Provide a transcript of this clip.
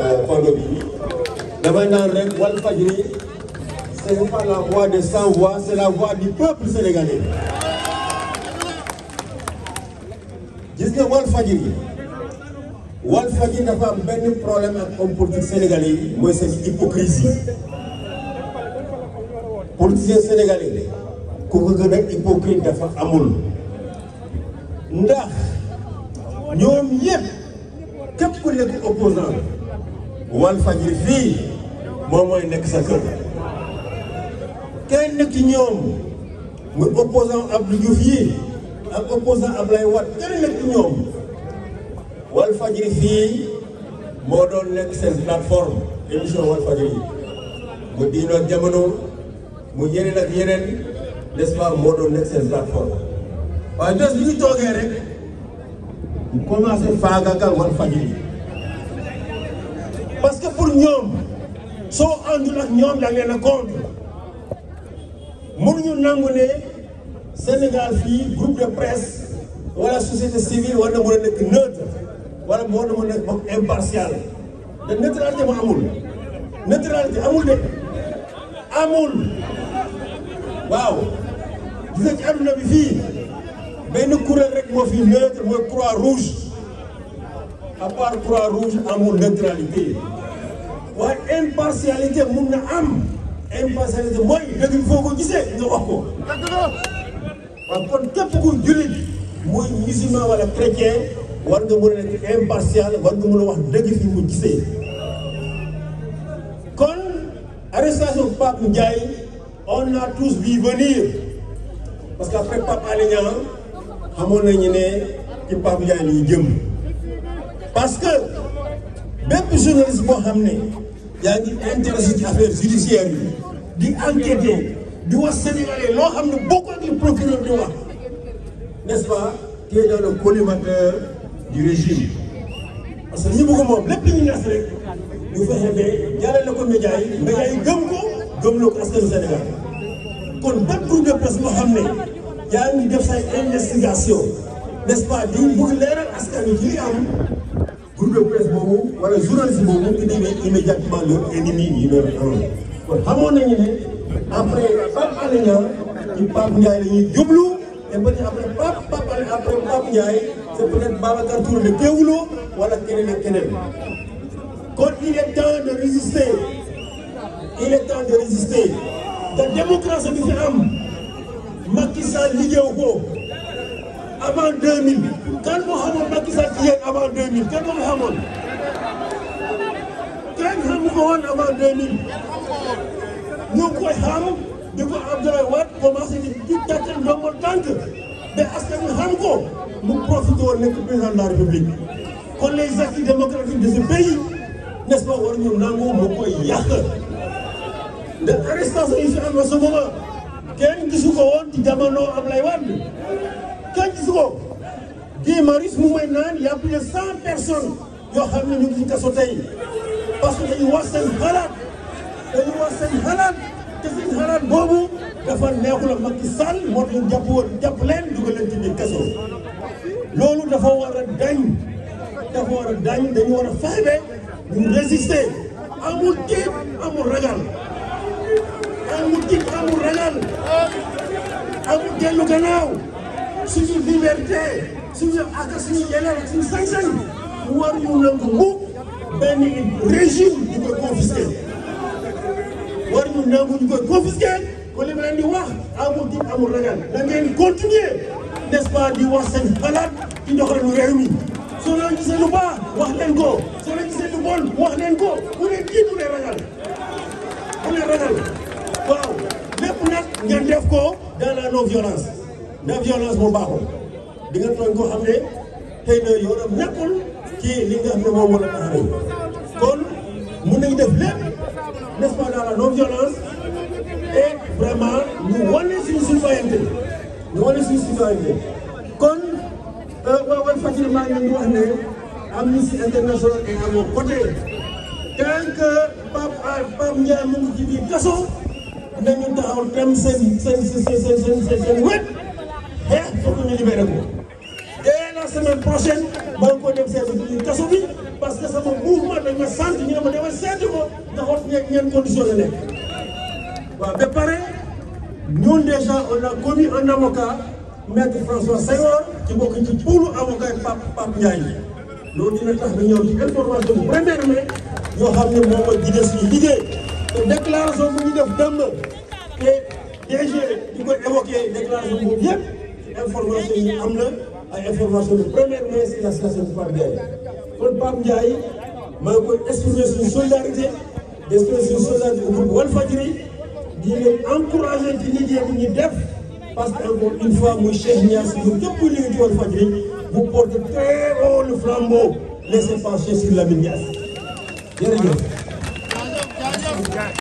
Euh, pandoo bi damay naan rek la voix de sans voix c'est la voix du peuple sénégalais gis nga Walfadjri Walfadjri dafa am problème ak homme politique sénégalais mooy seen hypocrisie politicien sénégalais ku ko gën a hypocrite dafa amul ndax ñoom yépp képp ku opposant Walfadjri fii moo mooy nekk sa kër kenn ci ñoom muy opposant Abdou Diouf yi ak opposant Ablaye Wade kenn ci ñoom Walfadjri fii moo doon nekk seen plateforme émission Walfadjri yi mu diinoo ak mu yeneen ak yeneen nest moo doon nekk seen plateforme waaye des bi ñu toogee rek commencé faagaagal Walfadjri yi parce que pour ñoom soo àndul ak ñoom da ngeen a mënuñu nangu ne Sénégal fii groupe de presse wala société civile war na mën a nekk neutre wala war na a impartial te neutralité ma amul neutralité amul de amul waaw gis nga ci bi fii benn kuréel rek moo fi neutre mooy croix rouge à part croix rouge amul neutralité. waaye impartialité mun na am impartialité mooy dëgg foo ko gisee nga wax ko waaw kon képp ku jullit muy musulman wala chrétien war nga mën a nekk impartial war nga mën a wax dëgg fi mu gisee kon arrestation Pape Ndiaye on a tous vu venir parce que après Pape Alé xamoon nañu ne ci Pape Ndiaye lañu jëm parce que bépp journaliste boo xam ne yaa ngi intéressé ci affaire judiciaire yi di enquêter di wax sénégalais loo xam ne bokkul ak li procureur di wax n'est-ce pas tu es collimateur du régime parce que ñi bëgg moom lépp lu ñu nas rek ñu fexe ba jàllale ko média yi média yi gëm ko gëm la ko askanu Sénégal kon bépp groupe de presse boo xam ne yaa ngi def say investigation n'est-ce pas di bëgg leeral askan wi ci am groupe de presse boobu wala journaliste boobu mu ngi demee immédiatement le ennemi numéro un. kon xamoon nañu ne après Pape Alé Niang ci Pape Ndiaye la ñuy jublu ba ci après Pape Pape de Kéwoulo il est temps de résister de résister te démocratie bi fi am Macky Sall liggéeyu ko. avant 2000 kan moo xamoon Macky Sall ci yéen avant 2000 kan moo xamoon kenn xamu ko woon avant 2000 koy xam di ko Abdoulaye Wade commencé di di tàccal ndombal tànk ba askan wi xam ko mu profité nekk président de la république kon les acquis démocratiques de ce pays n'est-ce pas war ñu nangu mu koy yàq de arrestation yi fi am na su booba kenn gisu ko woon ci jamono Abdoulaye Wade kenn gisu ko Guy Marius mu may naan y a plus de cent personnes yoo xam ne ñu ngi ci tey parce dañu wax seen xalaat dañu wax seen xalaat te seen xalaat boobu dafa neexul ak Macky Sall moo tax jàpp woon jàpp leen dugal leen ci biir kaso loolu dafa war a dañ dafa war a dañ dañu war a fexe ñu amul ragal amul tiit amul gannaaw suñu liberté suñu ak suñu yeneen ak suñu sañ-sañ war ñu nangu mukk benn régime ñu koy confisqué war ñu nangu ñu koy confisqué kon li ma leen di wax amul di amul ragal da ngeen di continuer n'est-ce pas di wax seen xalaat ci doxalinu réew mi soo leen gisee lu baax wax leen ko soo leen gisee lu bon wax leen ko bu leen kii bu leen ragal bu leen ragal waaw lépp nag ngeen def ko dans la non violence. ndax violence moom baaxul di nga tooñ koo xam ne xëy na yoonam nekkul ci li nga xam ne moom wala taxawee kon mun nañ def lépp n'est-ce pas dans la non violence et vraiment ñu wane suñu citoyenneté ñu wane si citoyenneté kon euh, waaw waaye facilement ñu wax ne Amnesty International est à mon côté tant que Pape euh, Pape Ndiaye mu ngi ci nañu taxaw tem seen seen seen seen seen seen wet. ñu libéré ko et la semaine prochaine maa ngi ko dem seeti suñu kaso bi parce que sama mouvement dañ ma sant ñu ne ma demal seeti ko ndax wax nekk ñeen condition la nekk waaw ba pare ñun déjà on a commis un avocat maître François Senghor ci bokk ci poolu avocat Pape Pape Ndiaye loolu dina tax na ñëw information première mai yoo xam ne moom a jiite suñu liggéey te déclaration bu ñu def dëmb te DG di ko évoqué déclaration boobu yëpp information yi am na ay information de première main si la station bu Pape Ndiaye maa koy exprimer suñu solidarité exprimer suñu solidarité au groupe Walfadjri di leen encouragé ci liggéey bu ñu def parce que encore une fois muy Cheikh Niass ñun ñëpp ñu liggéey ci Walfadjri bu porte très haut le flambeau laissez passer sur Lamine Niass jërëjëf.